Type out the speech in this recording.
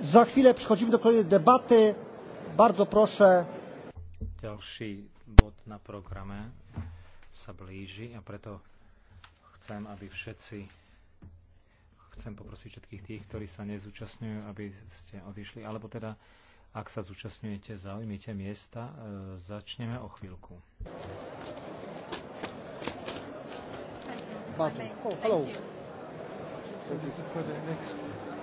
Za chwilę przechodzimy do kolejnej debaty. Bardzo proszę. Ďalší bod na programe sa blíži a preto chcem, aby všetci chcem poprosiť všetkých tých, ktorí sa nezúčastňujú, aby ste odišli, alebo teda ak sa zúčastňujete, zaujmite miesta. E, začneme o chvíľku. But, oh, hello. So this is for the next